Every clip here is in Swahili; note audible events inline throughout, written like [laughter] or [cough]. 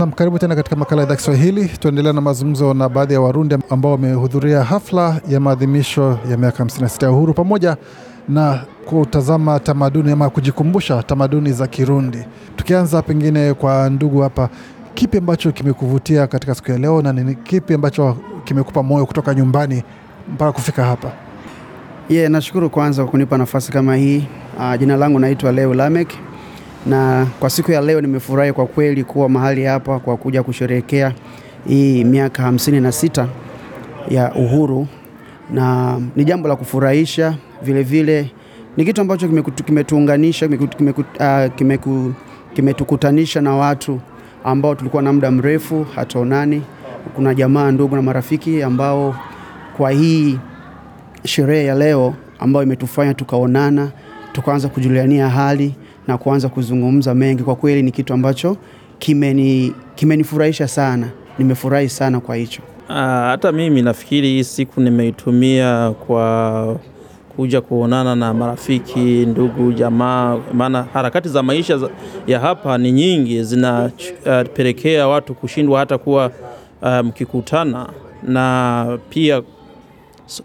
Nam, karibu tena katika makala ya idhaa Kiswahili. Tuendelea na mazungumzo na baadhi ya Warundi ambao wamehudhuria hafla ya maadhimisho ya miaka 56 ya uhuru pamoja na kutazama tamaduni ama kujikumbusha tamaduni za Kirundi. Tukianza pengine kwa ndugu hapa, kipi ambacho kimekuvutia katika siku ya leo na ni kipi ambacho kimekupa moyo kutoka nyumbani mpaka kufika hapa? Ye yeah, nashukuru kwanza kwa kunipa nafasi kama hii. Uh, jina langu naitwa Leo Lamek na kwa siku ya leo nimefurahi kwa kweli kuwa mahali hapa kwa kuja kusherehekea hii miaka hamsini na sita ya uhuru, na ni jambo la kufurahisha vilevile. Ni kitu ambacho kimetuunganisha, ah, kimetukutanisha na watu ambao tulikuwa na muda mrefu hataonani. Kuna jamaa, ndugu na marafiki ambao kwa hii sherehe ya leo ambayo imetufanya tukaonana, tukaanza kujuliania hali na kuanza kuzungumza mengi. Kwa kweli ni kitu ambacho kimenifurahisha, sana, nimefurahi sana kwa hicho. Ah, hata mimi nafikiri hii siku nimeitumia kwa kuja kuonana na marafiki, ndugu, jamaa, maana harakati za maisha ya hapa ni nyingi, zinapelekea uh, watu kushindwa hata kuwa ah, mkikutana um, na pia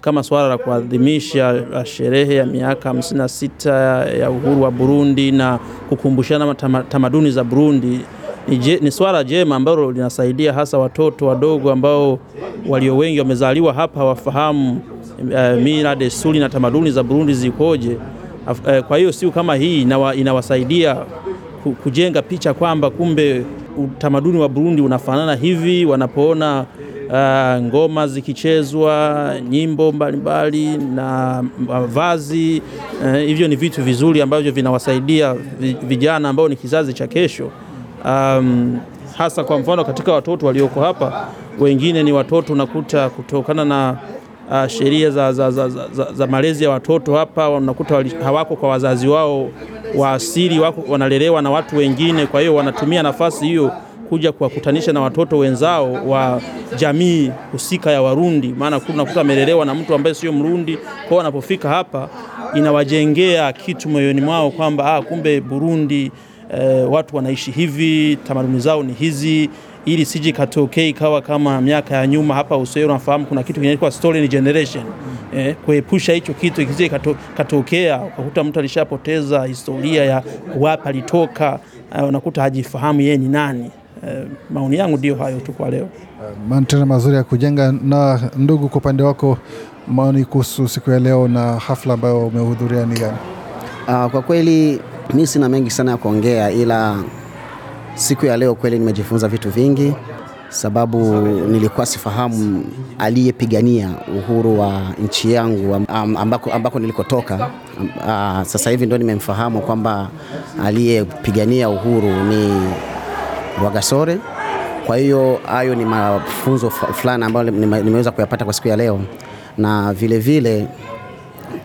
kama swala la kuadhimisha sherehe ya miaka 56 ya uhuru wa Burundi na kukumbushana tamaduni za Burundi ni, je, ni swala jema ambalo linasaidia hasa watoto wadogo ambao walio wengi wamezaliwa hapa wafahamu uh, mila, desturi na tamaduni za Burundi zikoje. Uh, kwa hiyo siku kama hii inawa, inawasaidia kujenga picha kwamba kumbe utamaduni wa Burundi unafanana hivi, wanapoona uh, ngoma zikichezwa, nyimbo mbalimbali na mavazi eh, hivyo. Uh, ni vitu vizuri ambavyo vinawasaidia vijana ambao ni kizazi cha kesho, um, hasa kwa mfano katika watoto walioko hapa, wengine ni watoto unakuta kutokana na Uh, sheria za, za, za, za, za malezi ya watoto hapa wanakuta hawako kwa wazazi wao wa asili, wako wanalelewa na watu wengine, kwa hiyo wanatumia nafasi hiyo kuja kuwakutanisha na watoto wenzao wa jamii husika ya Warundi, maana unakuta amelelewa na mtu ambaye sio Mrundi. Kwao wanapofika hapa inawajengea kitu moyoni mwao kwamba ah, kumbe Burundi eh, watu wanaishi hivi, tamaduni zao ni hizi, ili siji katokee ikawa kama miaka ya nyuma hapa Uswahili. Unafahamu kuna kitu kinaitwa stolen generation eh, kuepusha hicho kitu ikisije katokea ukakuta mtu alishapoteza historia ya wapi alitoka, eh, unakuta hajifahamu yeye ni nani. Eh, maoni yangu ndio hayo tu kwa leo. Eh, Mantena mazuri ya kujenga. Na ndugu, kwa upande wako maoni kuhusu siku ya leo na hafla ambayo umehudhuria ni gani? Uh, kwa kweli mi sina mengi sana ya kuongea, ila siku ya leo kweli nimejifunza vitu vingi, sababu nilikuwa sifahamu aliyepigania uhuru wa nchi yangu ambako, ambako nilikotoka. Uh, sasa hivi ndo nimemfahamu kwamba aliyepigania uhuru ni Rwagasore. Kwa hiyo hayo ni mafunzo fulani ambayo nimeweza kuyapata kwa siku ya leo, na vilevile vile,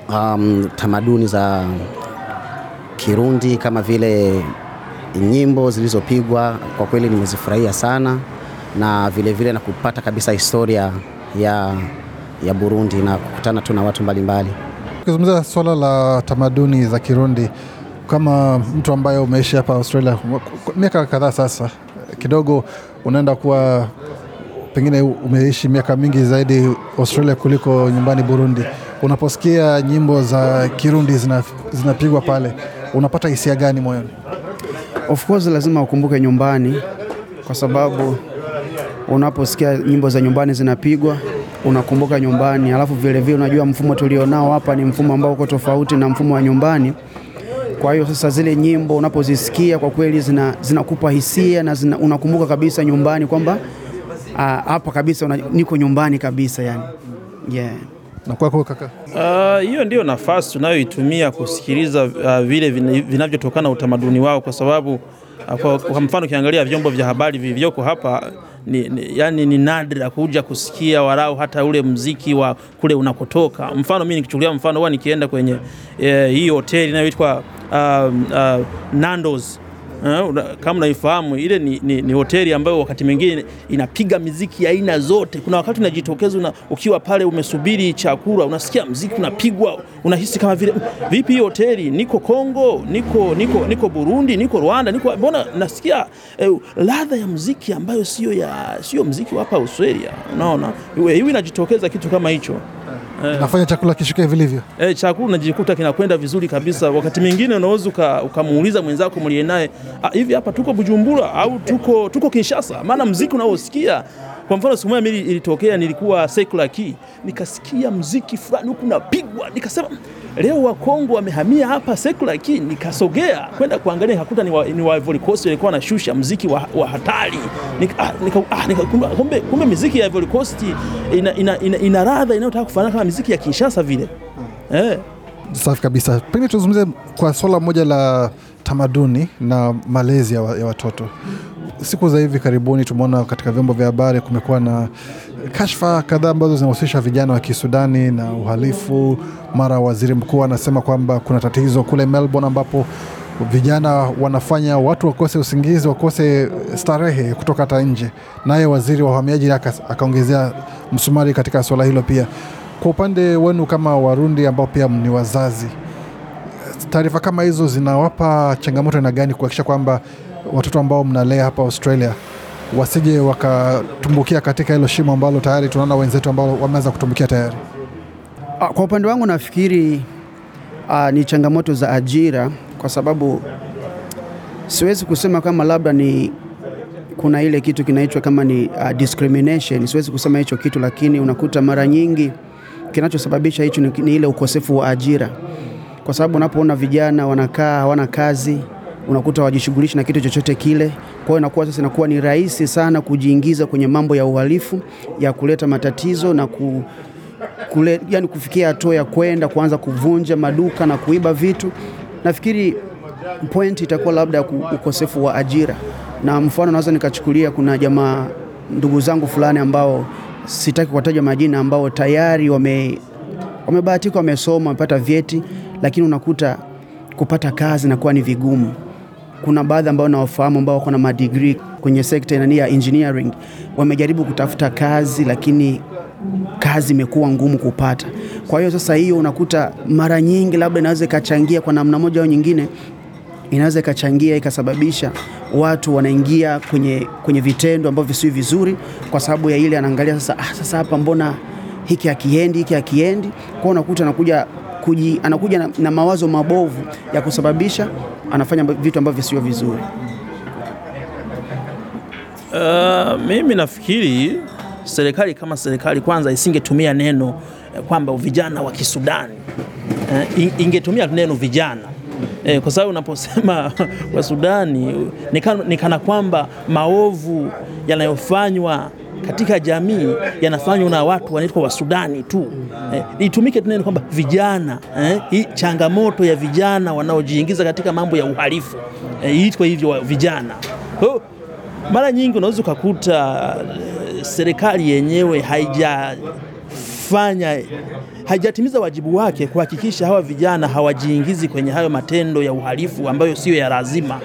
um, tamaduni za Kirundi kama vile nyimbo zilizopigwa kwa kweli nimezifurahia sana, na vilevile vile na kupata kabisa historia ya, ya Burundi na kukutana tu na watu mbalimbali. Ukizungumzia swala la tamaduni za Kirundi kama mtu ambaye umeishi hapa Australia miaka kadhaa sasa, kidogo unaenda kuwa pengine umeishi miaka mingi zaidi Australia kuliko nyumbani Burundi. Unaposikia nyimbo za Kirundi zinapigwa zina pale, unapata hisia gani moyoni? Of course lazima ukumbuke nyumbani, kwa sababu unaposikia nyimbo za nyumbani zinapigwa unakumbuka nyumbani, alafu vilevile unajua mfumo tulionao hapa ni mfumo ambao uko tofauti na mfumo wa nyumbani kwa hiyo sasa zile nyimbo unapozisikia kwa kweli zinakupa hisia na zina, unakumbuka kabisa nyumbani kwamba ah, hapa kabisa una, niko nyumbani kabisa yani. Yeah. Na kwako kaka? Ah, hiyo uh, ndiyo nafasi tunayoitumia kusikiliza uh, vile vinavyotokana na utamaduni wao kwa sababu kwa, kwa mfano ukiangalia vyombo vya habari vilivyoko hapa ni, ni, yani ni nadra kuja kusikia walau hata ule mziki wa kule unakotoka. Mfano mimi nikichukulia mfano huwa nikienda kwenye e, hii hoteli inayoitwa uh, uh, Nando's uh, kama unaifahamu ile ni, ni, ni hoteli ambayo wakati mwingine inapiga miziki aina zote. Kuna wakati unajitokeza una, ukiwa pale umesubiri chakula unasikia mziki unapigwa, unahisi kama vile vipi, hii hoteli niko Kongo, niko, niko, niko Burundi, niko Rwanda, niko mbona nasikia eh, ladha ya mziki ambayo sio ya sio mziki wa hapa Australia. Unaona hiyo inajitokeza kitu kama hicho inafanya eh. chakula kishuke vilivyo. E, chakula unajikuta kinakwenda vizuri kabisa. Wakati mwingine unaweza ukamuuliza mwenzako mlie naye ah, hivi, hapa tuko Bujumbura au tuko, tuko Kinshasa? Maana mziki unaosikia kwa mfano siku moja mimi ilitokea, nilikuwa Sekula key, nikasikia mziki fulani huku napigwa, nikasema Leo Wakongo wamehamia hapa Sekulaki, nikasogea kwenda kuangalia, nikakuta ni wa, ni wa Ivory Coast walikuwa wanashusha muziki wa, wa hatari nika, ah, nika, ah, nika, kumbe, kumbe muziki ya Ivory Coast ina, ina, ina, ina radha inayotaka kufanana kama muziki ya Kinshasa vile eh. Safi kabisa. Pengine tuzungumze kwa swala moja la tamaduni na malezi ya, wa, ya watoto. Siku za hivi karibuni tumeona katika vyombo vya habari kumekuwa na kashfa kadhaa ambazo zinahusisha vijana wa Kisudani na uhalifu. Mara waziri mkuu anasema kwamba kuna tatizo kule Melbourne ambapo vijana wanafanya watu wakose usingizi, wakose starehe kutoka hata nje. Naye waziri wa uhamiaji akaongezea msumari katika suala hilo pia. Kwa upande wenu kama Warundi ambao pia ni wazazi, taarifa kama hizo zinawapa changamoto na gani kuhakikisha kwamba watoto ambao mnalea hapa Australia wasije wakatumbukia katika hilo shimo ambalo tayari tunaona wenzetu ambao wameanza kutumbukia tayari? Ah, kwa upande wangu nafikiri uh, ni changamoto za ajira, kwa sababu siwezi kusema kama labda ni kuna ile kitu kinaitwa kama ni uh, discrimination. Siwezi kusema hicho kitu, lakini unakuta mara nyingi kinachosababisha hicho ni, ni ile ukosefu wa ajira, kwa sababu unapoona vijana wanakaa hawana kazi unakuta wajishughulishi na kitu chochote kile. Kwa hiyo inakuwa sasa inakuwa ni rahisi sana kujiingiza kwenye mambo ya uhalifu ya kuleta matatizo na ku, kule, yani kufikia hatua ya kwenda kuanza kuvunja maduka na kuiba vitu. Nafikiri point itakuwa labda ukosefu wa ajira, na mfano naweza nikachukulia kuna jamaa ndugu zangu fulani ambao sitaki kuwataja majina, ambao tayari wame wamebahatika wamesoma wamepata vyeti, lakini unakuta kupata kazi nakuwa ni vigumu kuna baadhi ambao nawafahamu ambao wako na madigri kwenye sekta nani ya engineering wamejaribu kutafuta kazi, lakini kazi imekuwa ngumu kupata. Kwa hiyo sasa, hiyo unakuta mara nyingi labda inaweza ikachangia kwa namna moja au nyingine, inaweza ikachangia ikasababisha watu wanaingia kwenye, kwenye vitendo ambavyo si vizuri, kwa sababu ya ile anaangalia sasa, ah, sasa hapa mbona hiki akiendi hiki akiendi kwao, unakuta anakuja kuji, anakuja na, na mawazo mabovu ya kusababisha anafanya vitu ambavyo sio vizuri? Uh, mimi nafikiri serikali kama serikali kwanza isingetumia neno eh, kwamba vijana wa Kisudani uh, ingetumia neno vijana eh, kwa sababu unaposema [laughs] wa Sudani ni kana kwamba maovu yanayofanywa katika jamii yanafanywa na watu wanaitwa Wasudani tu Eh, itumike tu kwamba vijana eh, hii changamoto ya vijana wanaojiingiza katika mambo ya uhalifu eh, iitwe hivyo vijana. Oh, mara nyingi unaweza ukakuta eh, serikali yenyewe haija fanya haijatimiza wajibu wake kuhakikisha hawa vijana hawajiingizi kwenye hayo matendo ya uhalifu ambayo siyo ya lazima,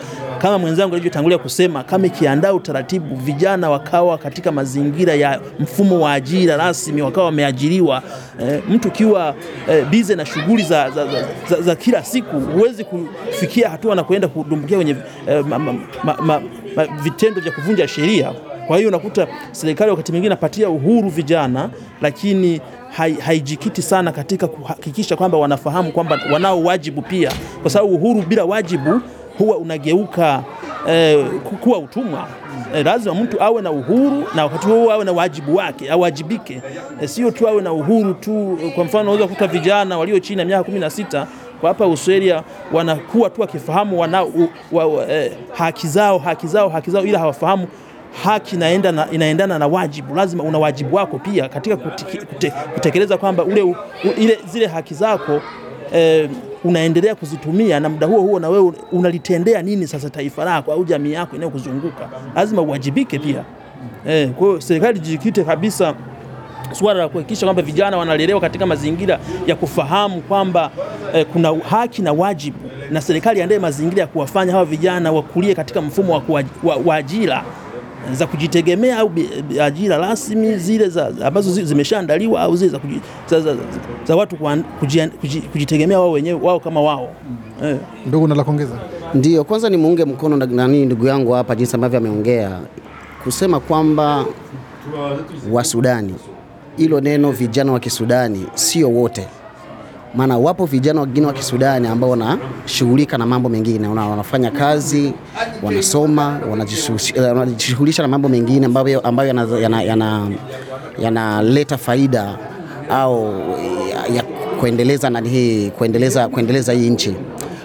kama mwenzangu alivyotangulia kusema, kama ikiandaa utaratibu, vijana wakawa katika mazingira ya mfumo wa ajira rasmi, wakawa wameajiriwa. E, mtu ukiwa e, eh, bize na shughuli za, za, za, za, za kila siku huwezi kufikia hatua na kuenda kudumbukia kwenye e, ma, ma, ma, ma, ma, vitendo vya kuvunja sheria. Kwa hiyo unakuta serikali wakati mwingine inapatia uhuru vijana, lakini haijikiti hai sana katika kuhakikisha kwamba wanafahamu kwamba wanao wajibu pia, kwa sababu uhuru bila wajibu huwa unageuka eh, kuwa utumwa. Eh, lazima mtu awe na uhuru na wakati huo awe na wajibu wake, awajibike. Eh, sio tu awe na uhuru tu. Kwa mfano unaweza kukuta vijana walio chini ya miaka kumi na sita kwa hapa Australia wanakuwa tu wakifahamu wana, u, wa, wa, eh, haki zao haki zao haki zao, ila hawafahamu haki inaenda na, inaendana na wajibu. Lazima una wajibu wako pia katika kutekeleza kwamba ule, u, ile, zile haki zako eh, unaendelea kuzitumia na muda huo huo na wewe unalitendea nini sasa taifa lako au jamii yako inayokuzunguka? Lazima uwajibike pia. Eh, kwa hiyo serikali jikite kabisa suala la kuhakikisha kwamba vijana wanalelewa katika mazingira ya kufahamu kwamba eh, kuna haki na wajibu, na serikali andae mazingira ya kuwafanya hawa vijana wakulie katika mfumo wa, wa, wa ajira za kujitegemea au ajira rasmi zile za, ambazo zimeshaandaliwa au zile za, kuji, za, za, za watu kujitegemea wao wenyewe wao kama wao mm. eh. Ndugu, na la kuongeza ndio kwanza ni muunge mkono nani ndugu yangu hapa jinsi ambavyo ameongea kusema kwamba Wasudani hilo neno vijana wa Kisudani sio wote maana wapo vijana wengine wa Kisudani ambao wanashughulika na mambo mengine, wanafanya kazi, wanasoma, eh, wanajishughulisha na mambo mengine ambayo, ambayo yanaleta yana, yana, yana faida au ya kuendeleza nani hii kuendeleza, kuendeleza hii nchi.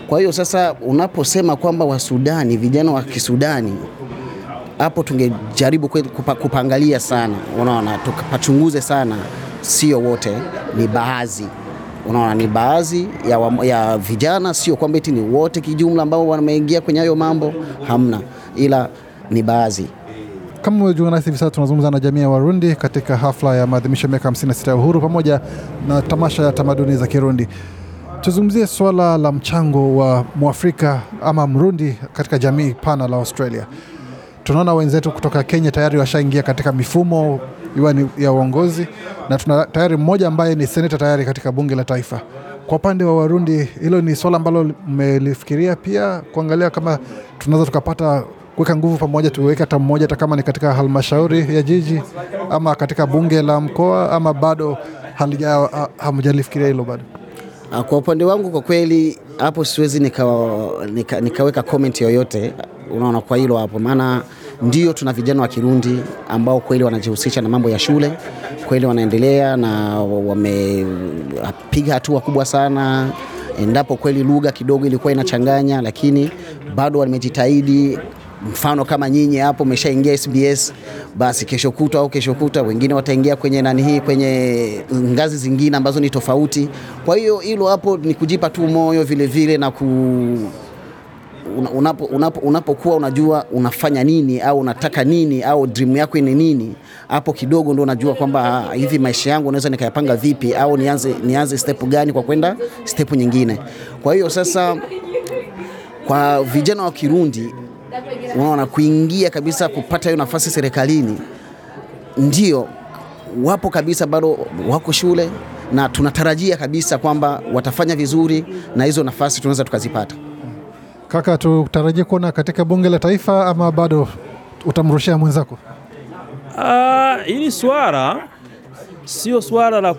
Kwa hiyo sasa unaposema kwamba Wasudani, vijana wa Kisudani hapo tungejaribu kupangalia sana, unaona, tukapachunguze sana, sio wote, ni baadhi. Unaona, ni baadhi ya, ya vijana, sio kwamba eti ni wote kijumla ambao wameingia kwenye hayo mambo, hamna, ila ni baadhi kama umejiunga nasi hivi sasa, tunazungumza na jamii ya Warundi katika hafla ya maadhimisho ya miaka 56 ya uhuru pamoja na tamasha ya tamaduni za Kirundi. Tuzungumzie swala la mchango wa Mwafrika ama Mrundi katika jamii pana la Australia. Tunaona wenzetu kutoka Kenya tayari washaingia katika mifumo iwe ni ya uongozi, na tuna tayari mmoja ambaye ni seneta tayari katika bunge la taifa. Kwa upande wa Warundi, hilo ni swala ambalo mmelifikiria pia kuangalia kama tunaweza tukapata kuweka nguvu pamoja, tuweke hata mmoja, hata kama ni katika halmashauri ya jiji ama katika bunge la mkoa, ama bado hamjalifikiria hilo bado? Ah, kwa upande wangu kwa kweli hapo siwezi nika, nika, nikaweka comment yoyote, unaona, kwa hilo hapo maana ndio tuna vijana wa Kirundi ambao kweli wanajihusisha na mambo ya shule, kweli wanaendelea na wamepiga hatua kubwa sana endapo kweli lugha kidogo ilikuwa inachanganya, lakini bado wamejitahidi. Mfano kama nyinyi hapo umeshaingia SBS, basi kesho kutwa au kesho kutwa wengine wataingia kwenye nani hii, kwenye ngazi zingine ambazo ni tofauti. Kwa hiyo hilo hapo ni kujipa tu moyo vilevile na ku unapokuwa unapo, unapo unajua unafanya nini au unataka nini au dream yako ni nini, hapo kidogo ndo unajua kwamba ah, hivi maisha yangu naweza nikayapanga vipi au nianze, nianze step gani kwa kwenda step nyingine. Kwa hiyo sasa, kwa vijana wa Kirundi unaona kuingia kabisa kupata hiyo nafasi serikalini, ndio wapo kabisa, bado wako shule na tunatarajia kabisa kwamba watafanya vizuri na hizo nafasi tunaweza tukazipata. Kaka, tutarajie kuona katika bunge la taifa ama bado utamrushia mwenzako? Uh, hili swala sio swala la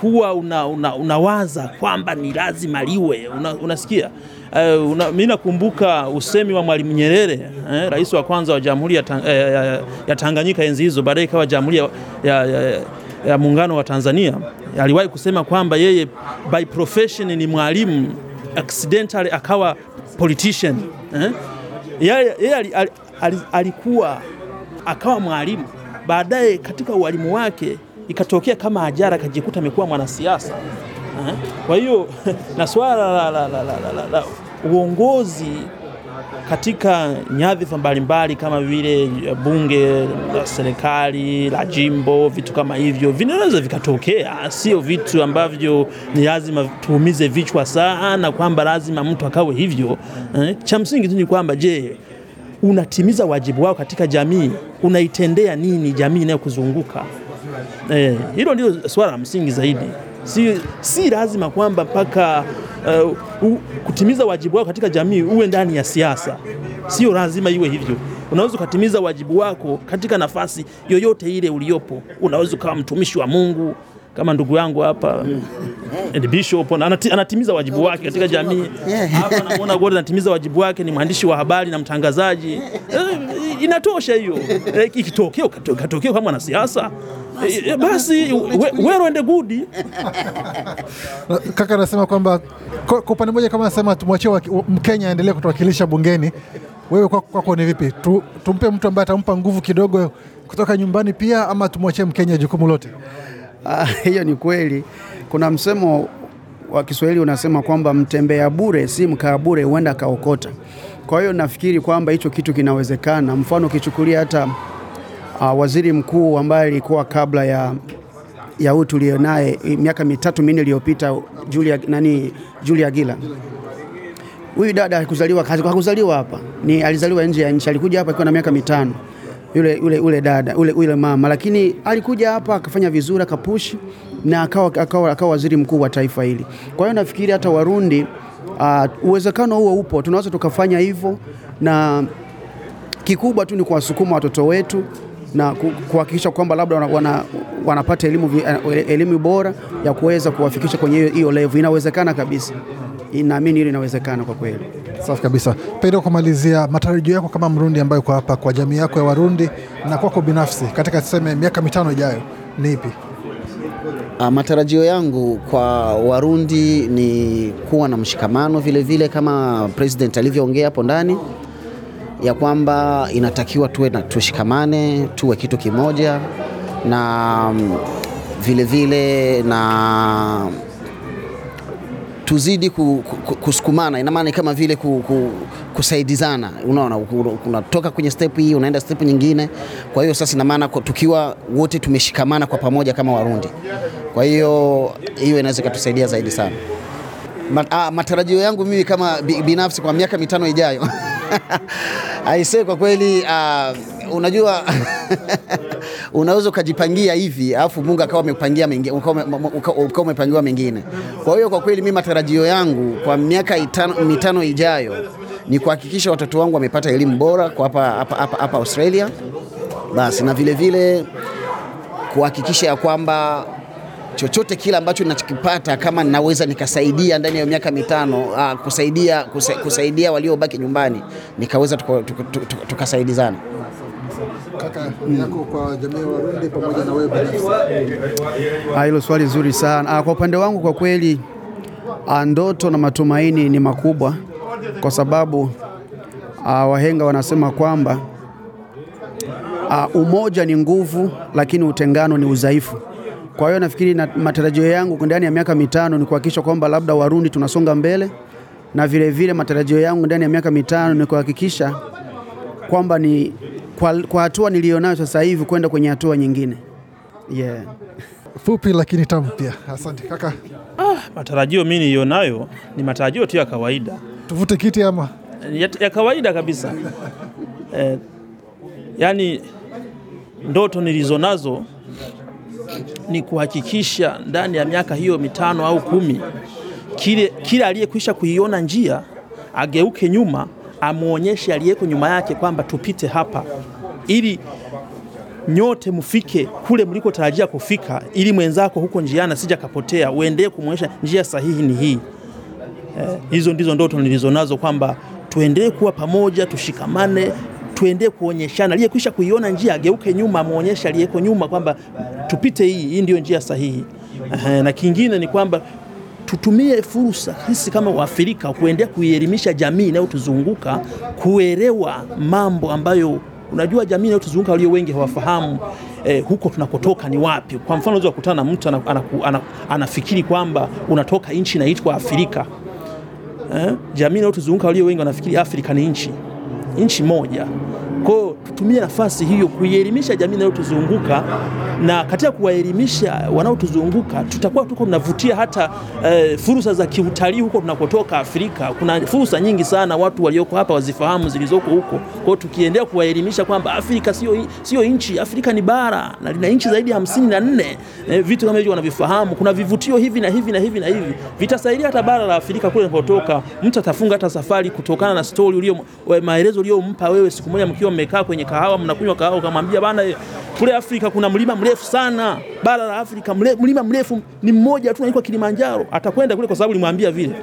kuwa unawaza una, una kwamba ni lazima liwe unasikia uh, una, mi nakumbuka usemi wa Mwalimu Nyerere eh, rais wa kwanza wa Jamhuri ya, eh, ya, ya, ya Tanganyika enzi hizo, baadaye ikawa Jamhuri ya, ya, ya, ya Muungano wa Tanzania, aliwahi kusema kwamba yeye by profession ni mwalimu accidentally akawa politician eh? Yeye ye, ye, alikuwa akawa mwalimu, baadaye katika ualimu wake ikatokea kama ajara, akajikuta amekuwa mwanasiasa eh? Kwa hiyo na swala la, la, la, la, la, la, la uongozi katika nyadhifa mbalimbali kama vile eh, bunge, la serikali la jimbo, vitu kama hivyo vinaweza vikatokea. Sio vitu ambavyo ni lazima tuumize vichwa sana kwamba lazima mtu akawe hivyo eh. Cha msingi tu ni kwamba, je, unatimiza wajibu wao katika jamii? Unaitendea nini jamii inayokuzunguka? Eh, hilo ndilo swala la msingi zaidi. Si, si lazima kwamba mpaka uh, kutimiza wajibu wako katika jamii uwe ndani ya siasa. Sio lazima iwe hivyo. Unaweza ukatimiza wajibu wako katika nafasi yoyote ile uliyopo. Unaweza ukawa mtumishi wa Mungu kama ndugu yangu hapa eh. bishop anatimiza wajibu eh. wake katika jamii. Hapa namuona anatimiza wajibu wake, ni mwandishi wa habari na mtangazaji. Inatosha hiyo. Ikitokea katokea kama mwanasiasa basi, eh, eh, basi wero ende gudi [laughs] kaka anasema kwamba kwa upande mmoja kama anasema tumwachie Mkenya aendelee kutuwakilisha bungeni. Wewe kwako kwa kwa ni vipi? Tu, tumpe mtu ambaye atampa nguvu kidogo kutoka nyumbani pia ama tumwachie Mkenya jukumu lote? [laughs] Ah, hiyo ni kweli. Kuna msemo wa Kiswahili unasema kwamba mtembea bure si mkaa bure, huenda akaokota. Kwa hiyo nafikiri kwamba hicho kitu kinawezekana. Mfano ukichukulia hata uh, waziri mkuu ambaye alikuwa kabla ya ya huyu tulionaye miaka mitatu minne iliyopita Julia, nani Julia Gila. Huyu dada hakuzaliwa hakuzaliwa hapa, ni alizaliwa nje ya nchi, alikuja hapa akiwa na miaka mitano yule, yule, yule dada yule, yule mama, lakini alikuja hapa akafanya vizuri akapushi na akawa, akawa, akawa waziri mkuu wa taifa hili. Kwa hiyo nafikiri hata Warundi uh, uwezekano huo upo, tunaweza tukafanya hivyo, na kikubwa tu ni kuwasukuma watoto wetu na kuhakikisha kwamba labda wana, wanapata elimu, eh, elimu bora ya kuweza kuwafikisha kwenye hiyo level. Inawezekana kabisa, naamini hilo inawezekana kwa kweli. Safi kabisa. Pedro, kumalizia, matarajio yako kama Mrundi ambayo uko hapa kwa jamii yako ya Warundi na kwako binafsi katika tuseme miaka mitano ijayo ni ipi? Ah, matarajio yangu kwa Warundi ni kuwa na mshikamano vilevile vile, kama president alivyoongea hapo ndani ya kwamba inatakiwa tuwe na, tushikamane tuwe kitu kimoja na vilevile mm, vile na tuzidi kusukumana, ina maana kama vile kusaidizana. Unaona, unatoka kwenye step hii unaenda step nyingine. Kwa hiyo sasa, ina maana tukiwa wote tumeshikamana kwa pamoja kama Warundi, kwa hiyo hiyo inaweza ikatusaidia zaidi sana. Ah, matarajio yangu mimi kama binafsi kwa miaka mitano ijayo [laughs] Aise, kwa kweli uh, unajua [laughs] unaweza ukajipangia hivi alafu Mungu akawa amepangia mengine, ukawa umepangiwa mengine. Kwa hiyo kwa kweli mimi matarajio yangu kwa miaka itano, mitano ijayo ni kuhakikisha watoto wangu wamepata elimu bora kwa hapa, hapa, hapa, hapa Australia basi, na vilevile kuhakikisha ya kwamba chochote kile ambacho ninachokipata kama ninaweza nikasaidia ndani ya miaka mitano uh, kusaidia, kusa, kusaidia waliobaki nyumbani nikaweza tukasaidizana tuka, tuka, mm. Hilo swali zuri sana. Ah, kwa upande wangu kwa kweli, ah, ndoto na matumaini ni makubwa, kwa sababu ah, wahenga wanasema kwamba ah, umoja ni nguvu, lakini utengano ni udhaifu. Kwa hiyo nafikiri na matarajio yangu ndani ya miaka mitano ni kuhakikisha kwamba labda Warundi tunasonga mbele, na vilevile matarajio yangu ndani ya miaka mitano ni kuhakikisha kwamba ni kwa, kwa hatua niliyonayo sasa hivi kwenda kwenye hatua nyingine yeah. Fupi lakini tamu pia. Asante kaka. Ah, matarajio mimi niliyonayo ni matarajio tu ya kawaida. Tuvute kiti ama ya, ya kawaida kabisa eh, yani ndoto nilizonazo ni kuhakikisha ndani ya miaka hiyo mitano au kumi kile, kile aliyekwisha kuiona njia ageuke nyuma amuonyeshe aliyeko nyuma yake kwamba tupite hapa, ili nyote mfike kule mlikotarajia kufika, ili mwenzako huko njiana sija kapotea, uendee kumwonyesha njia sahihi ni hii. Eh, hizo ndizo ndoto nilizonazo kwamba tuendee kuwa pamoja, tushikamane, tuende kuonyeshana, aliyekwisha kuiona njia ageuke nyuma, amuonyesha aliyeko nyuma kwamba tupite hii, hii ndio njia sahihi. Aha, na kingine ni kwamba tutumie fursa sisi kama Waafrika kuendea kuielimisha jamii inayotuzunguka kuelewa mambo ambayo unajua jamii inayotuzunguka walio wengi hawafahamu eh, huko tunakotoka ni wapi. Kwa mfano unaweza kukutana na mtu anaku, anaku, anaku, anafikiri kwamba unatoka nchi inaitwa Afrika eh, jamii inayotuzunguka walio wengi wanafikiri Afrika ni nchi nchi moja. Kwa hiyo tutumie nafasi hiyo kuielimisha jamii inayotuzunguka na katika kuwaelimisha wanaotuzunguka tutakuwa tuko tunavutia hata e, fursa za kiutalii huko tunakotoka Afrika. Kuna fursa nyingi sana watu walioko hapa wazifahamu zilizoko huko. Kwa hiyo tukiendelea kuwaelimisha kwamba Afrika sio sio nchi, Afrika ni bara na lina nchi zaidi ya hamsini na nne, e, vitu kama hivyo wanavifahamu. Kuna vivutio hivi na hivi na hivi na hivi vitasaidia hata bara la Afrika kule linapotoka, mtu atafunga hata safari kutokana na story ulio eh, maelezo uliompa wewe. Siku moja mkiwa mmekaa kwenye kahawa, mnakunywa kahawa, ukamwambia bana, kule Afrika kuna mlima mrefu sana, bara la Afrika mlima mrefu ni mmoja tu unaitwa Kilimanjaro. Atakwenda kule kwa sababu limwambia vile.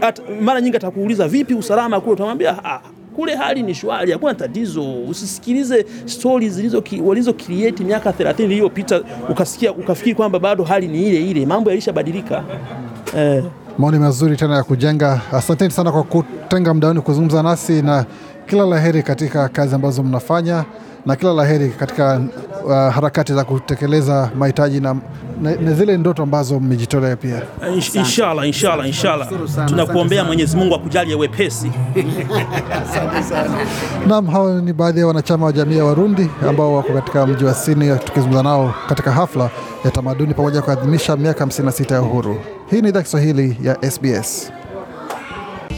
At, mara nyingi atakuuliza vipi usalama kule, utamwambia ah, kule hali ni shwari, hakuna tatizo. Usisikilize stories zilizo walizo create miaka 30 iliyopita ukasikia ukafikiri kwamba bado hali ni ile ile, mambo yalishabadilika eh. Maoni mazuri tena ya kujenga. Asanteni sana kwa kutenga muda wenu kuzungumza nasi na kila laheri katika kazi ambazo mnafanya na kila heri katika uh, harakati za kutekeleza mahitaji na, na, na zile ndoto ambazo mmejitolea pia. Inshallah, inshallah, inshallah tunakuombea Mwenyezi Mungu akujalie wepesi. Naam, hao ni baadhi ya wanachama wa jamii ya Warundi ambao wako katika mji wa Sini tukizungumza nao katika hafla ya tamaduni pamoja kuadhimisha miaka 56 ya uhuru. Hii ni idhaa Kiswahili ya SBS.